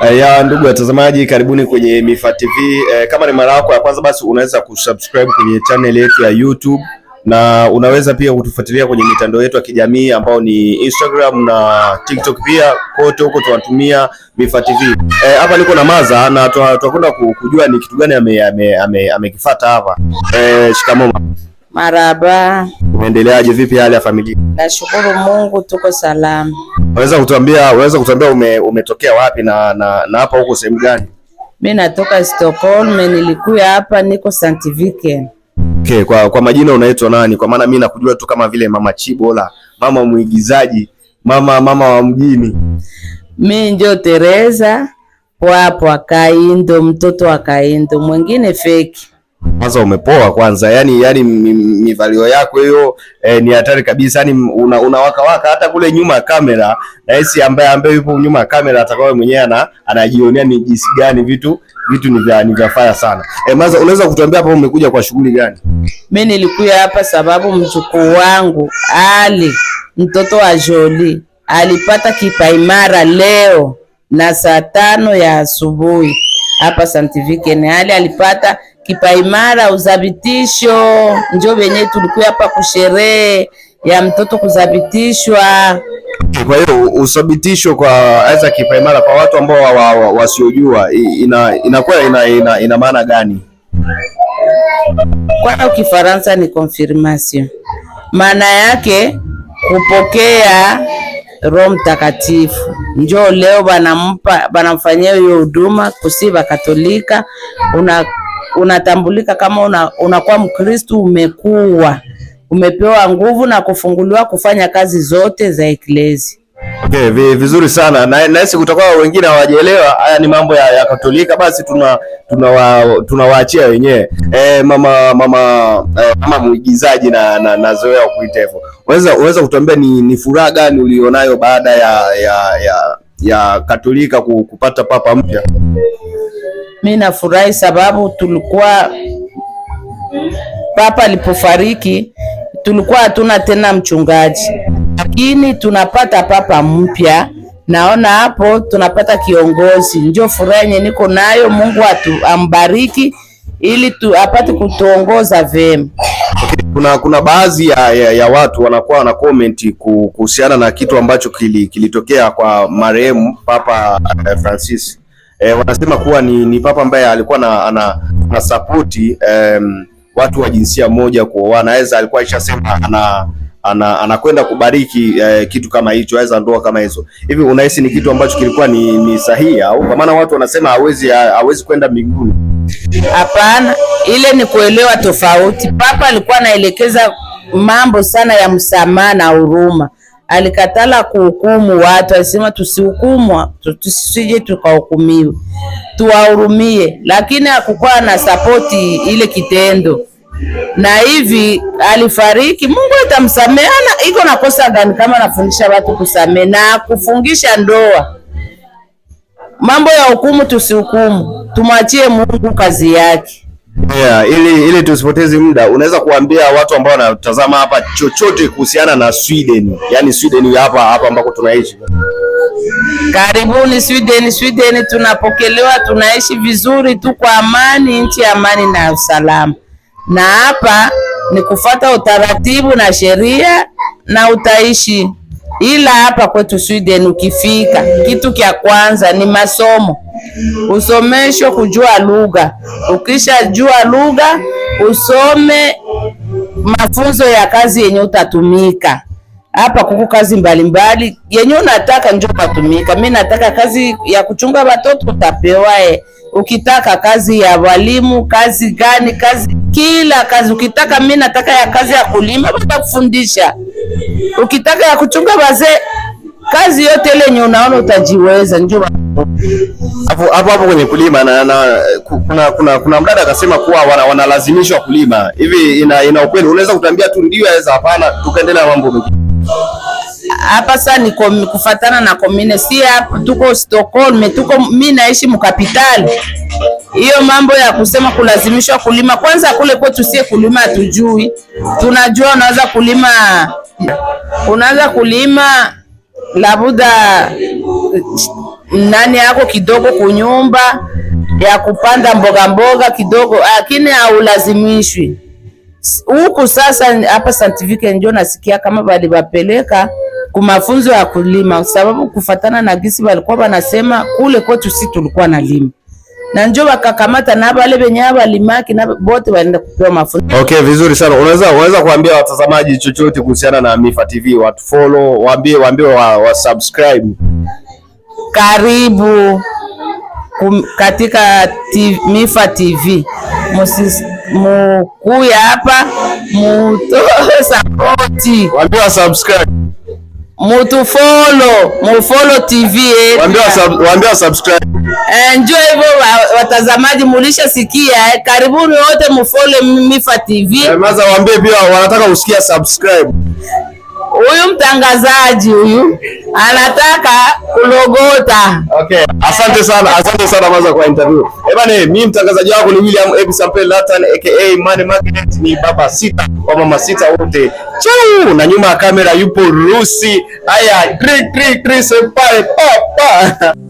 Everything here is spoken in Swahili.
Eh, ya ndugu watazamaji, karibuni kwenye Mifa TV. Eh, kama ni mara yako ya kwanza, basi unaweza kusubscribe kwenye channel yetu ya YouTube na unaweza pia kutufuatilia kwenye mitandao yetu ya kijamii ambao ni Instagram na TikTok. Pia kote huko tunatumia Mifa TV. Eh, hapa niko na Maza na tunakwenda kujua ni kitu gani amekifuata ame, ame, ame hapa. Eh, shikamoo. Maraba. Unaendeleaje? Vipi hali ya familia? Nashukuru Mungu, tuko salama. Unaweza kutuambia unaweza kutuambia ume, umetokea wapi na na, na hapa huko sehemu gani? Mimi natoka Stockholm, nilikuya hapa niko St. Viken. Okay, kwa, kwa majina unaitwa nani? Kwa maana mimi nakujua tu kama vile Mama Chibola, mama mwigizaji, mama mama wa mjini. Mimi ndio teresa wapo Akaindo, mtoto wa Akaindo, mwingine feki kwanza umepoa kwanza, yani yani mivalio yako hiyo eh, ni hatari kabisa, yani una, unawaka waka hata kule nyuma ya kamera, na hisi ambaye ambaye yupo nyuma ya kamera atakao mwenyewe ana anajionea ni jinsi gani vitu vitu ni vya ni vya faya sana. Eh, maza unaweza kutuambia hapa umekuja kwa shughuli gani? Mimi nilikuja hapa sababu mjukuu wangu Ali mtoto wa Joli alipata kipaimara leo na saa tano ya asubuhi hapa Santivikene. Ali alipata kipaimara uzabitisho njo venye tulikuwa hapa kusherehe ya mtoto kuzabitishwa. Okay, kwa hiyo usabitisho kwa aza kipaimara kwa watu ambao wa, wa, wa ina inakuwa ina, ina, ina maana gani? Kwa Kifaransa ni confirmation, maana yake kupokea Roho Mtakatifu. njoo leo banampa banamfanyia hiyo huduma kusiba Katolika una unatambulika kama una, unakuwa Mkristu, umekuwa umepewa nguvu na kufunguliwa kufanya kazi zote za eklezi. Okay, vizuri sana na nahisi kutakuwa wengine hawajaelewa. Haya ni mambo ya, ya Katolika, basi tuna tunawaachia wa, tuna wenyewe e, mama mama e, mama mwigizaji na, na, na zoea kuita hivyo, unaweza kutuambia ni, ni furaha gani ulionayo baada ya, ya, ya, ya Katolika kupata papa mpya? na nafurahi sababu tulikuwa papa alipofariki tulikuwa hatuna tena mchungaji, lakini tunapata papa mpya. Naona hapo tunapata kiongozi, njo furaha yenye niko nayo. Mungu atu, ambariki ili tu, apate kutuongoza vema. Okay, kuna, kuna baadhi ya, ya, ya watu wanakuwa wana comment kuhusiana na kitu ambacho kilitokea kili kwa marehemu Papa eh, Francis eh, wanasema kuwa ni, ni papa ambaye alikuwa na, ana, ana sapoti um, watu wa jinsia moja kuoana. Anaweza alikuwa alishasema ana anakwenda ana kubariki eh, kitu kama hicho, aweza ndoa kama hizo. Hivi unahisi ni kitu ambacho kilikuwa ni, ni sahihi au? Kwa maana watu wanasema hawezi hawezi kwenda mbinguni. Hapana, ile ni kuelewa tofauti. Papa alikuwa anaelekeza mambo sana ya msamaha na huruma alikatala kuhukumu watu, alisema tusihukumwa, tusije tukahukumiwe, tuwahurumie, lakini hakukuwa na sapoti ile kitendo, na hivi alifariki. Mungu atamsameana, iko na kosa gani kama anafundisha watu kusamehe na kufungisha ndoa? Mambo ya hukumu tusihukumu, tumwachie Mungu kazi yake. Yeah, ili ili tusipoteze muda, unaweza kuambia watu ambao wanatazama hapa chochote kuhusiana na Sweden, yaani Sweden hapa hapa ambako tunaishi? Karibuni Sweden. Sweden tunapokelewa, tunaishi vizuri tu kwa amani, nchi ya amani na usalama, na hapa ni kufata utaratibu na sheria na utaishi. Ila hapa kwetu Sweden ukifika, kitu kya kwanza ni masomo usomeshwe kujua lugha. Ukishajua lugha, usome mafunzo ya kazi yenye utatumika hapa kuku kazi mbalimbali yenye unataka njo utatumika. Mi nataka kazi ya kuchunga watoto utapewae, ukitaka kazi ya walimu, kazi gani, kazi kila kazi ukitaka. Mimi nataka ya kazi ya kulima kufundisha. ukitaka ya kuchunga wazee, kazi yote ile yenye unaona utajiweza njoo hapo hapo kwenye kulima na, na, kuna, kuna, kuna mdada akasema kuwa wanalazimishwa wana kulima hivi, ina, ina ukweli? Unaweza kutambia tu ndio aweza hapana, tukaendelea mambo mengine hapa. Sasa ni kufatana na komine, si hapa tuko Stockholm, tuko mimi naishi mkapitali. Hiyo mambo ya kusema kulazimishwa kulima, kwanza kule kwetu sie kulima hatujui. Tunajua unaweza kulima, unaweza kulima labuda nani yako kidogo kunyumba ya kupanda mboga mboga kidogo, lakini haulazimishwi huku. Sasa hapa santifike njo nasikia kama balibapeleka kumafunzo ya kulima, sababu kufatana na gisi walikuwa wanasema kule kwetu, si tulikuwa nalima na njo wakakamata na bale benye walimaki na bote waenda kupewa mafunzo. Okay, vizuri sana. Unaweza unaweza kuambia watazamaji chochote kuhusiana na Mifa TV, watu follow, waambie waambie wa, wa subscribe karibu kum, katika TV, Mifa TV Musis, mukuya hapa mutoe sapoti, waambie wa subscribe, mutufolo mufolo TV yetu, wambia, sub, wambia subscribe. Eh, Njo hivyo watazamaji, mulisha sikia eh? Karibuni wote mufolo Mifa TV. Eh, maza wambie pia wanataka usikia subscribe huyu mtangazaji huyu anataka kulogota. Okay. Asante sana, asante sana Maza kwa interview. Eh, bana, mimi mtangazaji wako ni William Ebi Sampe Latan aka Money Magnet, ni baba sita kwa mama sita wote. Chau, na nyuma ya kamera yupo Rusi. Haya, tri tri tri separe papa.